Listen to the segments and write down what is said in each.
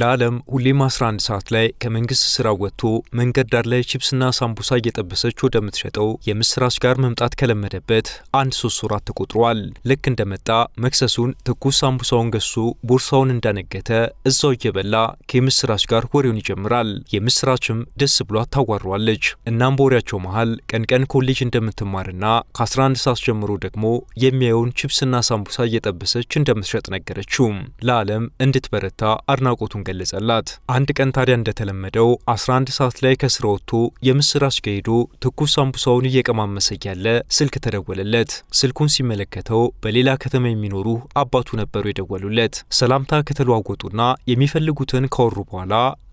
ለዓለም ሁሌም 11 ሰዓት ላይ ከመንግስት ስራ ወጥቶ መንገድ ዳር ላይ ቺፕስና ሳምቡሳ እየጠበሰች ወደምትሸጠው የምስራች ጋር መምጣት ከለመደበት አንድ ሶስት ወራት ተቆጥሯል። ልክ እንደመጣ መክሰሱን ትኩስ ሳምቡሳውን ገሶ ቦርሳውን እንዳነገተ እዛው እየበላ ከምስራች ጋር ወሬውን ይጀምራል። የምስራችም ደስ ብሏት ታዋሯለች። እናም በወሬያቸው መሃል ቀን ቀን ኮሌጅ እንደምትማርና ከ11 ሰዓት ጀምሮ ደግሞ የሚያየውን ቺፕስና ሳምቡሳ እየጠበሰች እንደምትሸጥ ነገረችው። ለዓለም እንድትበረታ አድናቆቱን ገለጸላት። አንድ ቀን ታዲያ እንደተለመደው 11 ሰዓት ላይ ከስራ ወጥቶ የምስራች ከሄዶ ትኩስ አምቡሳውን እየቀማመሰ ያለ ስልክ ተደወለለት። ስልኩን ሲመለከተው በሌላ ከተማ የሚኖሩ አባቱ ነበሩ የደወሉለት። ሰላምታ ከተለዋወጡና የሚፈልጉትን ካወሩ በኋላ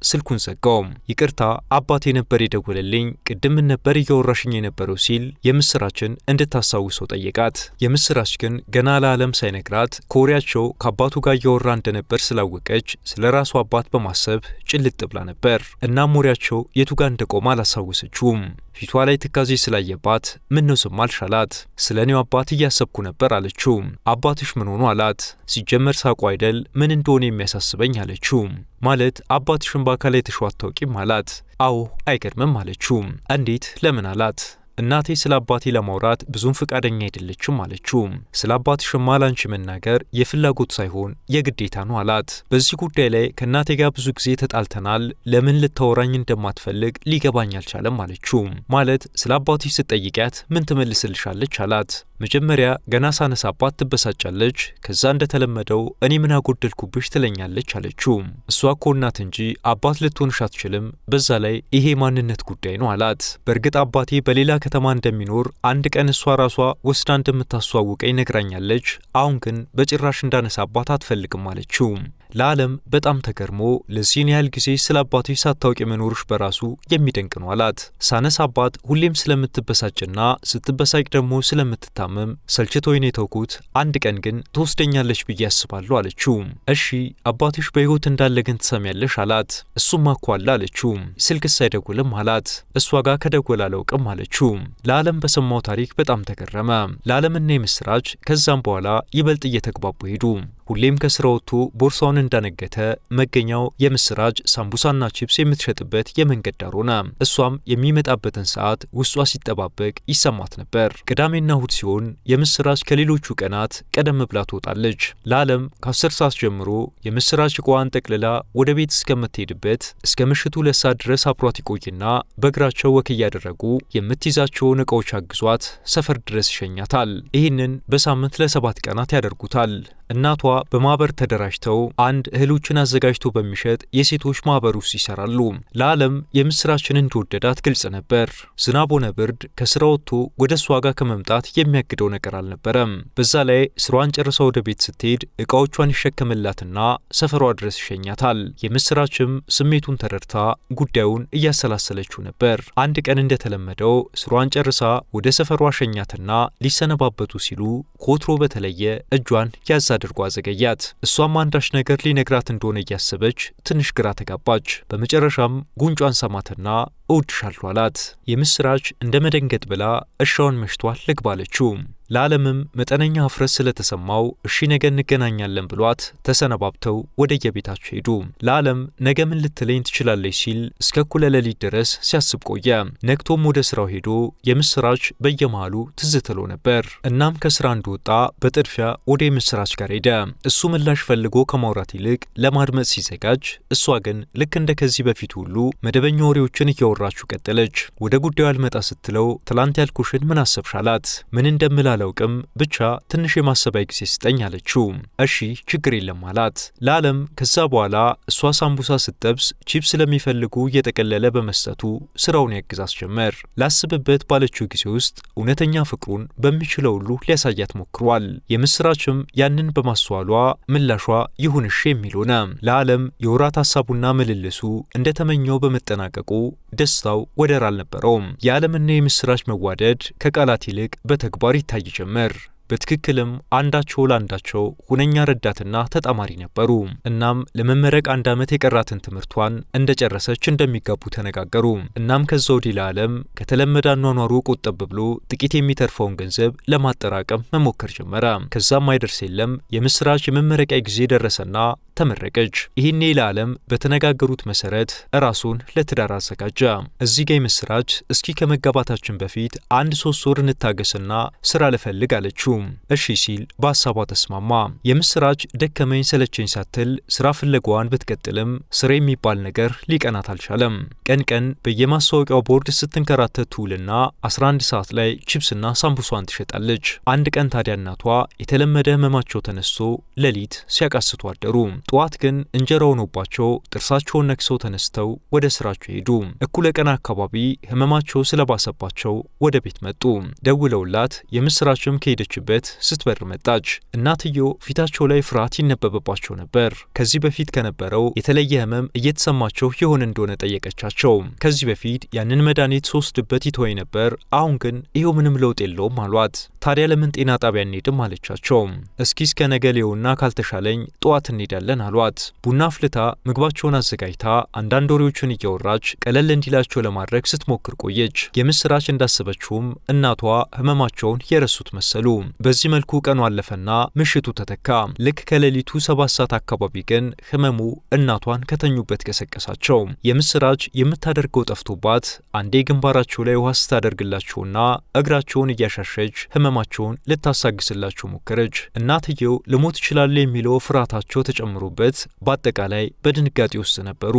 ስልኩን ዘጋውም። ይቅርታ አባቴ ነበር የደወለልኝ፣ ቅድም ነበር እያወራሽኝ የነበረው ሲል የምስራችን እንድታስታውሰው ጠየቃት። የምስራች ግን ገና ለዓለም ሳይነግራት ከወሬያቸው ከአባቱ ጋር እያወራ እንደነበር ስላወቀች ስለ ራሷ እንዳይገባባት በማሰብ ጭልጥ ብላ ነበር። እና ሞሪያቸው የቱ ጋር እንደቆመ አላሳወሰችውም ፊቷ ላይ ትካዜ ስላየባት ምን ነው ስም አልሻላት። ስለ እኔው አባት እያሰብኩ ነበር አለችው። አባትሽ ምን ሆኑ አላት። ሲጀመር ሳቁ አይደል ምን እንደሆነ የሚያሳስበኝ አለችው። ማለት አባትሽን በአካል ተሸዋታውቂም አላት። አዎ አይገርምም አለችው። እንዴት ለምን አላት። እናቴ ስለ አባቴ ለማውራት ብዙም ፈቃደኛ አይደለችም አለችው። ስለ አባትሽማ ላንቺ መናገር የፍላጎት ሳይሆን የግዴታ ነው አላት። በዚህ ጉዳይ ላይ ከእናቴ ጋር ብዙ ጊዜ ተጣልተናል። ለምን ልታወራኝ እንደማትፈልግ ሊገባኝ አልቻለም አለችው። ማለት ስለ አባትሽ ስትጠይቂያት ምን ትመልስልሻለች አላት። መጀመሪያ ገና ሳነሳባት ትበሳጫለች። ከዛ እንደተለመደው እኔ ምን አጎደልኩብሽ ትለኛለች አለችው። እሷ እኮ እናት እንጂ አባት ልትሆንሽ አትችልም፣ በዛ ላይ ይሄ ማንነት ጉዳይ ነው አላት። በእርግጥ አባቴ በሌላ ከተማ እንደሚኖር አንድ ቀን እሷ ራሷ ወስዳ እንደምታስተዋውቀኝ ነግራኛለች። አሁን ግን በጭራሽ እንዳነሳባት አትፈልግም አለችው። ለዓለም በጣም ተገርሞ ለዚህን ያህል ጊዜ ስለ አባትሽ ሳታውቅ የመኖርሽ በራሱ የሚደንቅ ነው አላት። ሳነስ አባት ሁሌም ስለምትበሳጭና ስትበሳጭ ደግሞ ስለምትታመም ሰልችቶኝ የተውኩት፣ አንድ ቀን ግን ትወስደኛለች ብዬ አስባለሁ አለችው። እሺ አባትሽ በሕይወት እንዳለ ግን ትሰሚያለሽ አላት። እሱም አኳለ አለችው። ስልክስ አይደውልም አላት። እሷ ጋር ከደወለ አላውቅም አለችው። ለዓለም በሰማው ታሪክ በጣም ተገረመ። ለዓለምና የምስራች ከዛም በኋላ ይበልጥ እየተግባቡ ሄዱ። ሁሌም ከስራ ቦርሳውን እንዳነገተ መገኛው የምስራች ሳምቡሳና ቺፕስ የምትሸጥበት የመንገድ ዳር ሆነ። እሷም የሚመጣበትን ሰዓት ውስጧ ሲጠባበቅ ይሰማት ነበር። ቅዳሜና እሁድ ሲሆን የምስራች ከሌሎቹ ቀናት ቀደም ብላ ትወጣለች። ለዓለም ከአስር ሰዓት ጀምሮ የምስራች እቃዋን ጠቅልላ ወደ ቤት እስከምትሄድበት እስከ ምሽቱ ሁለት ሰዓት ድረስ አብሯት ይቆይና በእግራቸው ወክ እያደረጉ የምትይዛቸውን እቃዎች አግዟት ሰፈር ድረስ ይሸኛታል። ይህንን በሳምንት ለሰባት ቀናት ያደርጉታል። እናቷ በማህበር ተደራጅተው አንድ እህሎችን አዘጋጅቶ በሚሸጥ የሴቶች ማህበር ውስጥ ይሰራሉ። ለዓለም የምስራችን እንደወደዳት ግልጽ ነበር። ዝናብ ሆነ ብርድ ከስራ ወጥቶ ወደ እሷ ጋር ከመምጣት የሚያግደው ነገር አልነበረም። በዛ ላይ ስራዋን ጨርሳ ወደ ቤት ስትሄድ እቃዎቿን ይሸከምላትና ሰፈሯ ድረስ ይሸኛታል። የምስራችም ስሜቱን ተረድታ ጉዳዩን እያሰላሰለችው ነበር። አንድ ቀን እንደተለመደው ስራዋን ጨርሳ ወደ ሰፈሯ ሸኛትና ሊሰነባበቱ ሲሉ ከወትሮ በተለየ እጇን ያዛ አድርጎ አዘገያት። እሷም አንዳች ነገር ሊነግራት እንደሆነ እያሰበች ትንሽ ግራ ተጋባች። በመጨረሻም ጉንጯን ሳማትና እወድሻለሁ አላት። የምስራች እንደ መደንገጥ ብላ እርሻውን መሽቷል ልግባለችው። ለዓለምም መጠነኛ ፍረት ስለተሰማው እሺ ነገ እንገናኛለን ብሏት ተሰነባብተው ወደ የቤታቸው ሄዱ። ለዓለም ነገ ምን ልትለኝ ትችላለች ሲል እስከ እኩለ ሌሊት ድረስ ሲያስብ ቆየ። ነግቶም ወደ ስራው ሄዶ የምስራች በየመሃሉ ትዝ ትሎ ነበር። እናም ከስራ እንደወጣ በጥድፊያ ወደ የምስራች ጋር ሄደ። እሱ ምላሽ ፈልጎ ከማውራት ይልቅ ለማድመጥ ሲዘጋጅ፣ እሷ ግን ልክ እንደ ከዚህ በፊት ሁሉ መደበኛ ወሬዎችን እያወራችሁ ቀጠለች። ወደ ጉዳዩ አልመጣ ስትለው ትላንት ያልኩሽን ምን አሰብሻላት አላት። ምን እንደምላለ አላውቅም፣ ብቻ ትንሽ የማሰቢያ ጊዜ ስጠኝ አለችው። እሺ ችግር የለም አላት ለዓለም። ከዛ በኋላ እሷ ሳምቡሳ ስትጠብስ ቺፕስ ስለሚፈልጉ እየጠቀለለ በመስጠቱ ስራውን ያግዛት ጀመር። ላስብበት ባለችው ጊዜ ውስጥ እውነተኛ ፍቅሩን በሚችለው ሁሉ ሊያሳያት ሞክሯል። የምስራችም ያንን በማስተዋሏ ምላሿ ይሁንሽ የሚል ሆነ። ለዓለም የወራት ሀሳቡና ምልልሱ እንደተመኘው በመጠናቀቁ ደስታው ወደር አልነበረውም። የዓለምና የምስራች መዋደድ ከቃላት ይልቅ በተግባር ይታያል። Magi በትክክልም አንዳቸው ለአንዳቸው ሁነኛ ረዳትና ተጣማሪ ነበሩ። እናም ለመመረቅ አንድ ዓመት የቀራትን ትምህርቷን እንደጨረሰች እንደሚጋቡ ተነጋገሩ። እናም ከዛ ወዲህ ለዓለም ከተለመደ አኗኗሩ ቆጠብ ብሎ ጥቂት የሚተርፈውን ገንዘብ ለማጠራቀም መሞከር ጀመረ። ከዛም አይደርስ የለም የምስራች የመመረቂያ ጊዜ ደረሰና ተመረቀች። ይህኔ ለዓለም በተነጋገሩት መሰረት ራሱን ለትዳር አዘጋጀ። እዚህ ጋ የምስራች እስኪ ከመጋባታችን በፊት አንድ ሶስት ወር እንታገስና ስራ ልፈልግ አለችው። እሺ ሲል በሀሳቧ ተስማማ። የምስራች ደከመኝ ሰለቸኝ ሳትል ስራ ፍለጋዋን ብትቀጥልም ስራ የሚባል ነገር ሊቀናት አልቻለም። ቀን ቀን በየማስታወቂያው ቦርድ ስትንከራተት ትውልና 11 ሰዓት ላይ ቺፕስና ሳምቡሷን ትሸጣለች። አንድ ቀን ታዲያ እናቷ የተለመደ ህመማቸው ተነስቶ ሌሊት ሲያቃስቱ አደሩ። ጠዋት ግን እንጀራ ሆኖባቸው ጥርሳቸውን ነክሰው ተነስተው ወደ ስራቸው ሄዱ። እኩለ ቀን አካባቢ ህመማቸው ስለባሰባቸው ወደ ቤት መጡ። ደውለውላት የምስራችም ከሄደችበት ቤት ስትበር መጣች። እናትየው ፊታቸው ላይ ፍርሃት ይነበበባቸው ነበር። ከዚህ በፊት ከነበረው የተለየ ህመም እየተሰማቸው የሆነ እንደሆነ ጠየቀቻቸው። ከዚህ በፊት ያንን መድኃኒት ስወስድበት ይተወኝ ነበር፣ አሁን ግን ይኸው ምንም ለውጥ የለውም አሏት። ታዲያ ለምን ጤና ጣቢያ እንሄድም አለቻቸው። እስኪ እስከ ነገ ሌውና ካልተሻለኝ ጠዋት እንሄዳለን አሏት። ቡና አፍልታ ምግባቸውን አዘጋጅታ አንዳንድ ወሬዎችን እያወራች ቀለል እንዲላቸው ለማድረግ ስትሞክር ቆየች። የምስራች እንዳሰበችውም እናቷ ህመማቸውን የረሱት መሰሉ። በዚህ መልኩ ቀኑ አለፈና ምሽቱ ተተካ። ልክ ከሌሊቱ ሰባት ሰዓት አካባቢ ግን ህመሙ እናቷን ከተኙበት ቀሰቀሳቸው። የምስራች የምታደርገው ጠፍቶባት አንዴ ግንባራቸው ላይ ውሃ ስታደርግላቸውና እግራቸውን እያሻሸች ህመማቸውን ልታሳግስላቸው ሞከረች። እናትየው ልሞት ይችላሉ የሚለው ፍርሃታቸው ተጨምሮበት በአጠቃላይ በድንጋጤ ውስጥ ነበሩ።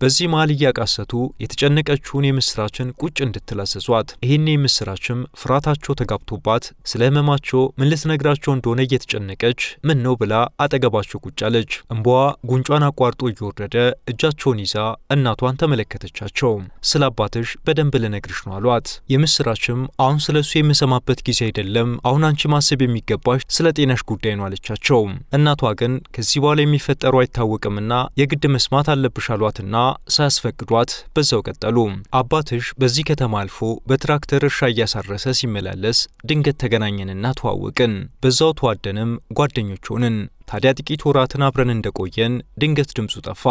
በዚህ መሃል እያቃሰቱ የተጨነቀችውን የምስራችን ቁጭ እንድትላሰሷት ይህን የምስራችም ፍርሃታቸው ተጋብቶባት ስለ ህመማቸው ምን ልስነግራቸው እንደሆነ እየተጨነቀች ምን ነው ብላ አጠገባቸው ቁጭ አለች። እንቧ ጉንጯን አቋርጦ እየወረደ እጃቸውን ይዛ እናቷን ተመለከተቻቸው። ስለ አባትሽ በደንብ ልነግርሽ ነው አሏት። የምስራችም አሁን ስለ እሱ የምሰማበት ጊዜ አይደለም፣ አሁን አንቺ ማሰብ የሚገባሽ ስለ ጤናሽ ጉዳይ ነው አለቻቸው። እናቷ ግን ከዚህ በኋላ የሚፈጠሩ አይታወቅምና የግድ መስማት አለብሽ አሏትና ሳያስፈቅዷት በዛው ቀጠሉ። አባትሽ በዚህ ከተማ አልፎ በትራክተር እርሻ እያሳረሰ ሲመላለስ ድንገት ተገናኘንና ተዋ ተዋወቅን። በዛው ተዋደንም ጓደኞች ሆንን። ታዲያ ጥቂት ወራትን አብረን እንደቆየን ድንገት ድምፁ ጠፋ።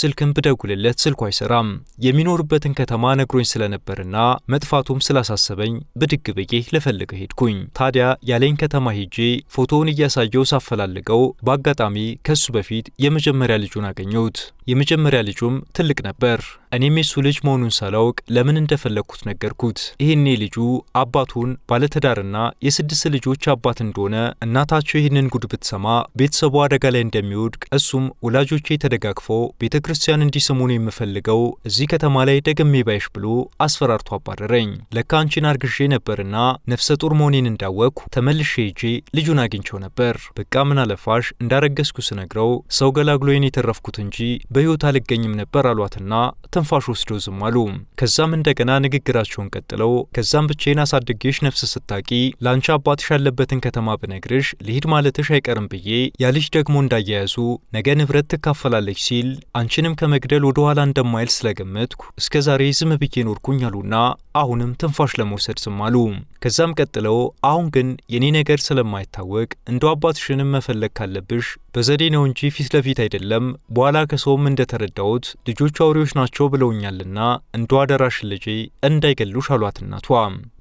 ስልክን ብደውልለት ስልኩ አይሰራም። የሚኖርበትን ከተማ ነግሮኝ ስለነበርና መጥፋቱም ስላሳሰበኝ ብድግ ብዬ ልፈልግ ሄድኩኝ። ታዲያ ያለኝ ከተማ ሄጄ ፎቶውን እያሳየው ሳፈላልገው በአጋጣሚ ከሱ በፊት የመጀመሪያ ልጁን አገኘሁት። የመጀመሪያ ልጁም ትልቅ ነበር። እኔም የሱ ልጅ መሆኑን ሳላውቅ ለምን እንደፈለግኩት ነገርኩት። ይህኔ ልጁ አባቱን ባለትዳርና የስድስት ልጆች አባት እንደሆነ እናታቸው ይህንን ጉድ ብትሰማ ቤት ቤተሰቡ አደጋ ላይ እንደሚወድቅ እሱም ወላጆቼ ተደጋግፎ ቤተ ክርስቲያን እንዲስሙን የምፈልገው እዚህ ከተማ ላይ ደግሜ ባይሽ ብሎ አስፈራርቶ አባረረኝ። ለካ አንቺን አርግዤ ነበርና ነፍሰ ጡር መሆኔን እንዳወቅኩ ተመልሼ ሄጄ ልጁን አግኝቸው ነበር። በቃ ምን አለፋሽ እንዳረገዝኩ ስነግረው ሰው ገላግሎዬን የተረፍኩት እንጂ በሕይወት አልገኝም ነበር አሏትና ትንፋሽ ወስደው ዝም አሉ። ከዛም እንደገና ንግግራቸውን ቀጥለው ከዛም ብቻዬን አሳድጌሽ ነፍስ ስታቂ ለአንቺ አባትሽ ያለበትን ከተማ ብነግርሽ ልሂድ ማለትሽ አይቀርም ብዬ ያ ደግሞ እንዳያያዙ ነገ ንብረት ትካፈላለች ሲል አንቺንም ከመግደል ወደ ኋላ እንደማይል ስለገመትኩ እስከ ዛሬ ዝም ብዬ ኖርኩኝ አሉና አሁንም ትንፋሽ ለመውሰድ ዝም አሉ። ከዛም ቀጥለው አሁን ግን የኔ ነገር ስለማይታወቅ እንደ አባትሽንም መፈለግ ካለብሽ በዘዴ ነው እንጂ ፊት ለፊት አይደለም። በኋላ ከሰውም እንደተረዳሁት ልጆቹ አውሬዎች ናቸው ብለውኛልና እንደ አደራሽ ልጄ እንዳይገሉሽ አሏት እናቷ።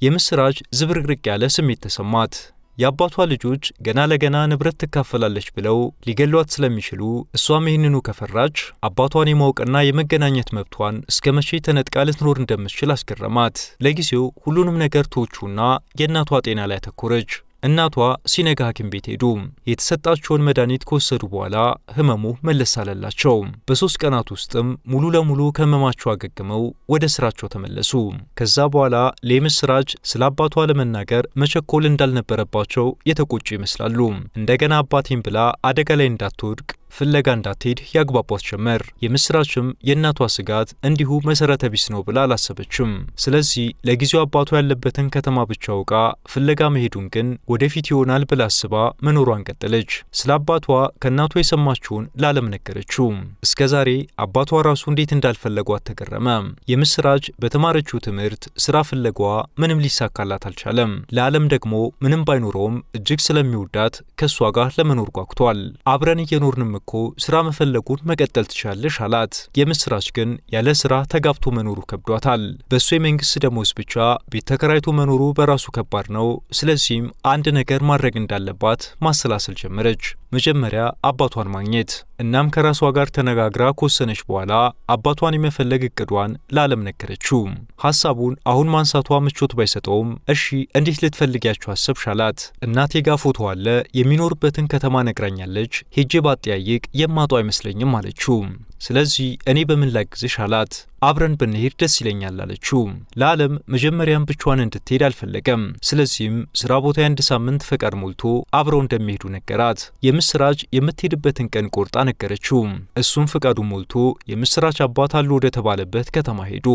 የምስራች ዝብርቅርቅ ያለ ስሜት ተሰማት። የአባቷ ልጆች ገና ለገና ንብረት ትካፈላለች ብለው ሊገሏት ስለሚችሉ እሷም ይህንኑ ከፈራች አባቷን የማወቅና የመገናኘት መብቷን እስከ መቼ ተነጥቃ ልትኖር እንደምትችል አስገረማት። ለጊዜው ሁሉንም ነገር ቶቹና የእናቷ ጤና ላይ አተኮረች። እናቷ ሲነጋ ሐኪም ቤት ሄዱ። የተሰጣቸውን መድኃኒት ከወሰዱ በኋላ ህመሙ መለስ አለላቸው። በሶስት ቀናት ውስጥም ሙሉ ለሙሉ ከህመማቸው አገግመው ወደ ስራቸው ተመለሱ። ከዛ በኋላ ለምስራች ስለ አባቷ ለመናገር መቸኮል እንዳልነበረባቸው የተቆጩ ይመስላሉ። እንደገና አባቴን ብላ አደጋ ላይ እንዳትወድቅ ፍለጋ እንዳትሄድ ያግባቧት ጀመር። የምስራችም የእናቷ ስጋት እንዲሁ መሰረተ ቢስ ነው ብላ አላሰበችም። ስለዚህ ለጊዜው አባቱ ያለበትን ከተማ ብቻ አውቃ ፍለጋ መሄዱን ግን ወደፊት ይሆናል ብላ አስባ መኖሯን ቀጠለች። ስለ አባቷ ከእናቷ የሰማችውን ላለም ነገረችው። እስከ ዛሬ አባቷ ራሱ እንዴት እንዳልፈለጓት ተገረመ። የምስራች በተማረችው ትምህርት ስራ ፍለጓ ምንም ሊሳካላት አልቻለም። ለዓለም ደግሞ ምንም ባይኖረውም እጅግ ስለሚወዳት ከእሷ ጋር ለመኖር ጓጉቷል። አብረን እየኖርንም እኮ ስራ መፈለጉን መቀጠል ትችላለሽ አላት። የምስራች ግን ያለ ስራ ተጋብቶ መኖሩ ከብዷታል። በእሱ የመንግስት ደሞዝ ብቻ ቤት ተከራይቶ መኖሩ በራሱ ከባድ ነው። ስለዚህም አንድ ነገር ማድረግ እንዳለባት ማሰላሰል ጀመረች። መጀመሪያ አባቷን ማግኘት። እናም ከራሷ ጋር ተነጋግራ ከወሰነች በኋላ አባቷን የመፈለግ እቅዷን ለዓለም ነገረችው። ሐሳቡን አሁን ማንሳቷ ምቾት ባይሰጠውም እሺ እንዴት ልትፈልጊያቸው አሰብሽ አላት። እናቴ ጋ ፎቶ አለ፣ የሚኖርበትን ከተማ ነግራኛለች፣ ሄጄ ባጠያይቅ የማጡ አይመስለኝም አለችው። ስለዚህ እኔ በምን ላግዝሽ አላት። አብረን ብንሄድ ደስ ይለኛል አለችው። ለዓለም መጀመሪያም ብቻዋን እንድትሄድ አልፈለገም። ስለዚህም ስራ ቦታ የአንድ ሳምንት ፈቃድ ሞልቶ አብረው እንደሚሄዱ ነገራት። የምስራች የምትሄድበትን ቀን ቆርጣ ነገረችው። እሱም ፈቃዱ ሞልቶ የምስራች አባት አሉ ወደ ተባለበት ከተማ ሄዱ።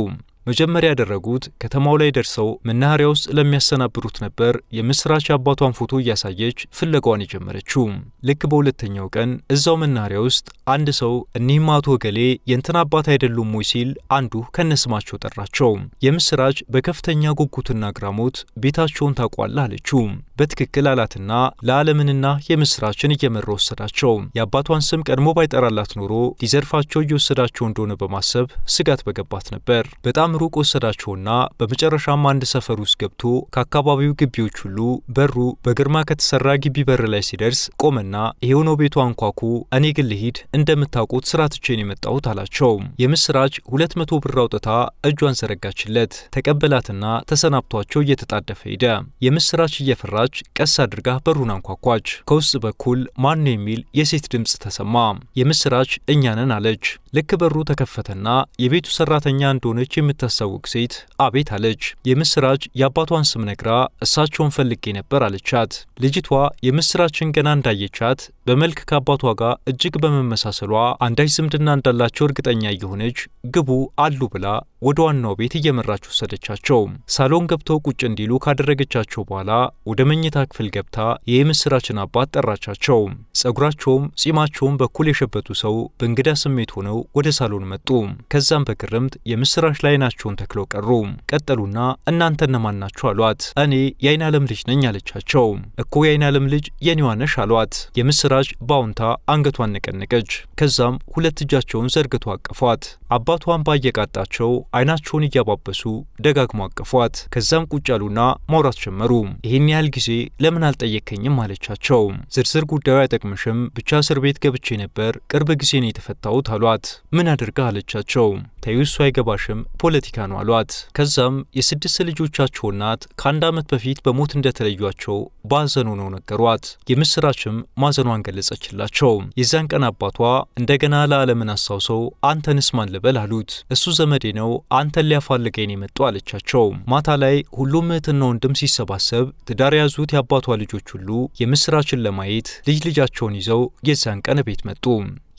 መጀመሪያ ያደረጉት ከተማው ላይ ደርሰው መናኸሪያ ውስጥ ለሚያሰናብሩት ነበር የምስራች አባቷን ፎቶ እያሳየች ፍለጋዋን የጀመረችው። ልክ በሁለተኛው ቀን እዛው መናኸሪያ ውስጥ አንድ ሰው እኒህም አቶ ገሌ የእንትና አባት አይደሉም ወይ ሲል አንዱ ከነስማቸው ጠራቸው። የምስራች በከፍተኛ ጉጉትና ግራሞት ቤታቸውን ታውቋለህ አለችው። በትክክል አላትና ለዓለምንና የምስራችን እየመራ ወሰዳቸው። የአባቷን ስም ቀድሞ ባይጠራላት ኖሮ ሊዘርፋቸው እየወሰዳቸው እንደሆነ በማሰብ ስጋት በገባት ነበር በጣም ሩቅ ወሰዳቸውና በመጨረሻም አንድ ሰፈር ውስጥ ገብቶ ከአካባቢው ግቢዎች ሁሉ በሩ በግርማ ከተሰራ ግቢ በር ላይ ሲደርስ ቆመና ይሄው ነው ቤቱ አንኳኩ፣ እኔ ግን ልሂድ፣ እንደምታውቁት ስራ ትቼን የመጣሁት አላቸው። የምስራች ሁለት መቶ ብር አውጥታ እጇን ዘረጋችለት። ተቀበላትና ተሰናብቷቸው እየተጣደፈ ሄደ። የምስራች እየፈራች ቀስ አድርጋ በሩን አንኳኳች። ከውስጥ በኩል ማን ነው የሚል የሴት ድምፅ ተሰማ። የምስራች እኛንን አለች። ልክ በሩ ተከፈተና የቤቱ ሰራተኛ እንደሆነች የምት የምታስታውቅ ሴት አቤት አለች። የምስራች የአባቷን ስም ነግራ እሳቸውን ፈልጌ ነበር አለቻት። ልጅቷ የምስራችን ገና እንዳየቻት በመልክ ከአባቷ ጋር እጅግ በመመሳሰሏ አንዳች ዝምድና እንዳላቸው እርግጠኛ እየሆነች ግቡ አሉ ብላ ወደ ዋናው ቤት እየመራች ወሰደቻቸው። ሳሎን ገብተው ቁጭ እንዲሉ ካደረገቻቸው በኋላ ወደ መኝታ ክፍል ገብታ የምስራችን አባት ጠራቻቸው። ጸጉራቸውም ጺማቸውም በኩል የሸበቱ ሰው በእንግዳ ስሜት ሆነው ወደ ሳሎን መጡ። ከዛም በግርምት የምስራች ላይ አይናቸውን ተክለው ቀሩ። ቀጠሉና እናንተ እነማን ናችሁ አሏት። እኔ የአይን ዓለም ልጅ ነኝ አለቻቸው። እኮ የአይን ዓለም ልጅ የኔዋነሽ አሏት። የምስራ አዛዥ በአውንታ አንገቷን ነቀነቀች። ከዛም ሁለት እጃቸውን ዘርግቶ አቀፏት። አባቷን ባየቃጣቸው አይናቸውን እያባበሱ ደጋግሞ አቀፏት። ከዛም ቁጭ ያሉና ማውራት ጀመሩ። ይህን ያህል ጊዜ ለምን አልጠየከኝም አለቻቸው። ዝርዝር ጉዳዩ አይጠቅምሽም፣ ብቻ እስር ቤት ገብቼ ነበር፣ ቅርብ ጊዜ ነው የተፈታሁት አሏት። ምን አድርጋ አለቻቸው። ተዩ እሱ አይገባሽም፣ ፖለቲካ ነው አሏት። ከዛም የስድስት ልጆቻቸው እናት ከአንድ ዓመት በፊት በሞት እንደተለዩቸው ባዘኑ ነው ነገሯት። የምስራችም ማዘኗን ደስታዋን ገለጸችላቸው። የዚያን ቀን አባቷ እንደገና ለዓለምን አስታውሰው አንተንስ ማን ልበል አሉት። እሱ ዘመዴ ነው፣ አንተን ሊያፋልገኝ የመጡ አለቻቸው። ማታ ላይ ሁሉም እህትና ወንድም ሲሰባሰብ ትዳር ያዙት የአባቷ ልጆች ሁሉ የምስራችን ለማየት ልጅ ልጃቸውን ይዘው የዚያን ቀን ቤት መጡ።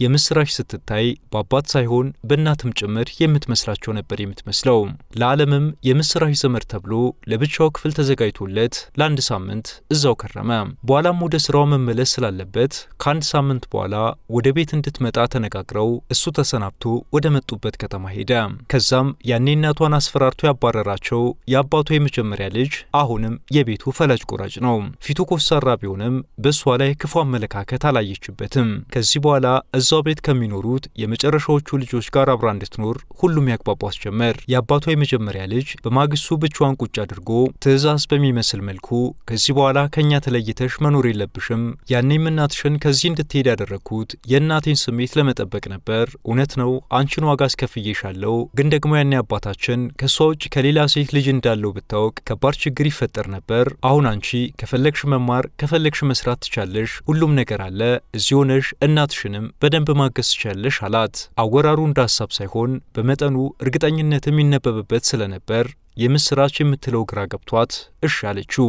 የምስራች ስትታይ በአባት ሳይሆን በእናትም ጭምር የምትመስላቸው ነበር የምትመስለው። ለዓለምም የምስራች ዘመር ተብሎ ለብቻው ክፍል ተዘጋጅቶለት ለአንድ ሳምንት እዛው ከረመ። በኋላም ወደ ስራው መመለስ ስላለበት ከአንድ ሳምንት በኋላ ወደ ቤት እንድትመጣ ተነጋግረው እሱ ተሰናብቶ ወደ መጡበት ከተማ ሄደ። ከዛም ያኔ እናቷን አስፈራርቶ ያባረራቸው የአባቷ የመጀመሪያ ልጅ አሁንም የቤቱ ፈላጭ ቆራጭ ነው። ፊቱ ኮሳራ ቢሆንም በእሷ ላይ ክፉ አመለካከት አላየችበትም። ከዚህ በኋላ እዛ ቤት ከሚኖሩት የመጨረሻዎቹ ልጆች ጋር አብራ እንድትኖር ሁሉም ያግባቧት ጀመር። የአባቷ የመጀመሪያ ልጅ በማግስቱ ብቻዋን ቁጭ አድርጎ ትዕዛዝ በሚመስል መልኩ ከዚህ በኋላ ከእኛ ተለይተሽ መኖር የለብሽም፣ ያኔም እናትሽን ከዚህ እንድትሄድ ያደረግኩት የእናቴን ስሜት ለመጠበቅ ነበር። እውነት ነው አንቺን ዋጋ አስከፍዬሻለሁ፣ ግን ደግሞ ያኔ አባታችን ከእሷ ውጭ ከሌላ ሴት ልጅ እንዳለው ብታወቅ ከባድ ችግር ይፈጠር ነበር። አሁን አንቺ ከፈለግሽ መማር ከፈለግሽ መስራት ትቻለሽ፣ ሁሉም ነገር አለ። እዚህ ሆነሽ እናትሽንም በ በደንብ ማገዝ ትችያለሽ አላት። አወራሩ እንደ ሳይሆን በመጠኑ እርግጠኝነት የሚነበብበት ስለነበር የምስራች የምትለው ግራ ገብቷት እሽ አለችው።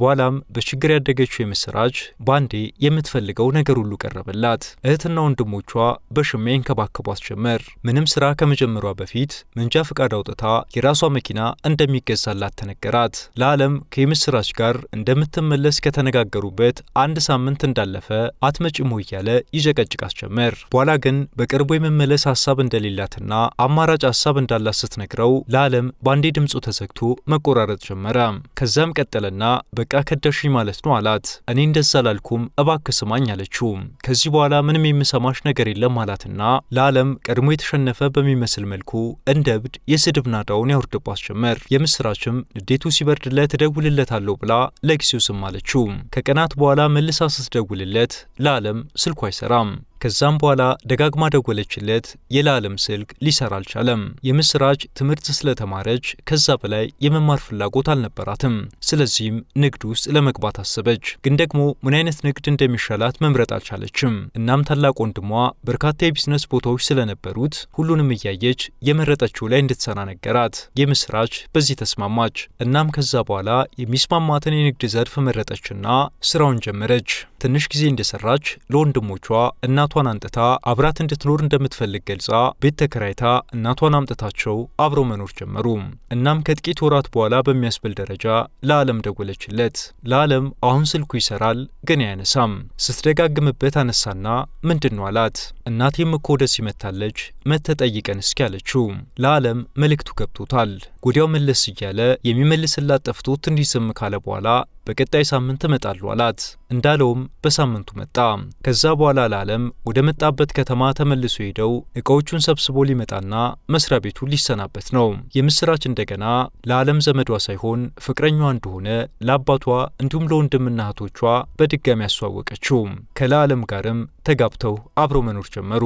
በኋላም በችግር ያደገችው የምስራች ባንዴ የምትፈልገው ነገር ሁሉ ቀረበላት። እህትና ወንድሞቿ በሽሜ ይንከባከቧት ጀመር። ምንም ስራ ከመጀመሯ በፊት መንጃ ፈቃድ አውጥታ የራሷ መኪና እንደሚገዛላት ተነገራት። ለዓለም ከምስራች ጋር እንደምትመለስ ከተነጋገሩበት አንድ ሳምንት እንዳለፈ አትመጭም ሆይ እያለ ይጨቀጭቃት ጀመር። በኋላ ግን በቅርቡ የመመለስ ሀሳብ እንደሌላትና አማራጭ ሀሳብ እንዳላት ስትነግረው ለዓለም ባንዴ ድምፁ ተዘግቶ መቆራረጥ ጀመረ። ከዛም ቀጠለና በቃ ከዳሽኝ ማለት ነው አላት። እኔ እንደዛ ላልኩም እባክ ስማኝ አለችው። ከዚህ በኋላ ምንም የምሰማሽ ነገር የለም አላትና ለዓለም ቀድሞ የተሸነፈ በሚመስል መልኩ እንደ እብድ የስድብ ናዳውን ያወርድባት ጀመር። የምስራችም ንዴቱ ሲበርድለት እደውልለታለሁ ብላ ለጊዜው አለችው። ከቀናት በኋላ መልሳ ስትደውልለት ለዓለም ስልኩ አይሰራም። ከዛም በኋላ ደጋግማ ደወለችለት። የለዓለም ስልክ ሊሰራ አልቻለም። የምስራች ትምህርት ስለተማረች ከዛ በላይ የመማር ፍላጎት አልነበራትም። ስለዚህም ንግድ ውስጥ ለመግባት አሰበች። ግን ደግሞ ምን አይነት ንግድ እንደሚሻላት መምረጥ አልቻለችም። እናም ታላቅ ወንድሟ በርካታ የቢዝነስ ቦታዎች ስለነበሩት ሁሉንም እያየች የመረጠችው ላይ እንድትሰራ ነገራት። የምስራች በዚህ ተስማማች። እናም ከዛ በኋላ የሚስማማትን የንግድ ዘርፍ መረጠችና ስራውን ጀመረች። ትንሽ ጊዜ እንደሰራች ለወንድሞቿ እናቷን አንጥታ አብራት እንድትኖር እንደምትፈልግ ገልጻ ቤት ተከራይታ እናቷን አምጥታቸው አብረው መኖር ጀመሩ። እናም ከጥቂት ወራት በኋላ በሚያስብል ደረጃ ለዓለም ደወለችለት። ለዓለም አሁን ስልኩ ይሰራል ግን አያነሳም። ስትደጋግምበት አነሳና ምንድን ነው አላት። እናቴም እኮ ወደዚህ መታለች መተጠይቀን እስኪ አለችው። ለዓለም መልእክቱ ገብቶታል። ወዲያው መለስ እያለ የሚመልስላት ጠፍቶት እንዲህ ካለ በኋላ በቀጣይ ሳምንት እመጣለሁ አላት። እንዳለውም በሳምንቱ መጣ። ከዛ በኋላ ለዓለም ወደ መጣበት ከተማ ተመልሶ ሄደው እቃዎቹን ሰብስቦ ሊመጣና መስሪያ ቤቱ ሊሰናበት ነው። የምስራች እንደገና ለዓለም ዘመዷ ሳይሆን ፍቅረኛዋ እንደሆነ ለአባቷ እንዲሁም ለወንድምና እህቶቿ በድጋሚ ያስተዋወቀችው። ከለዓለም ጋርም ተጋብተው አብረው መኖር ጀመሩ።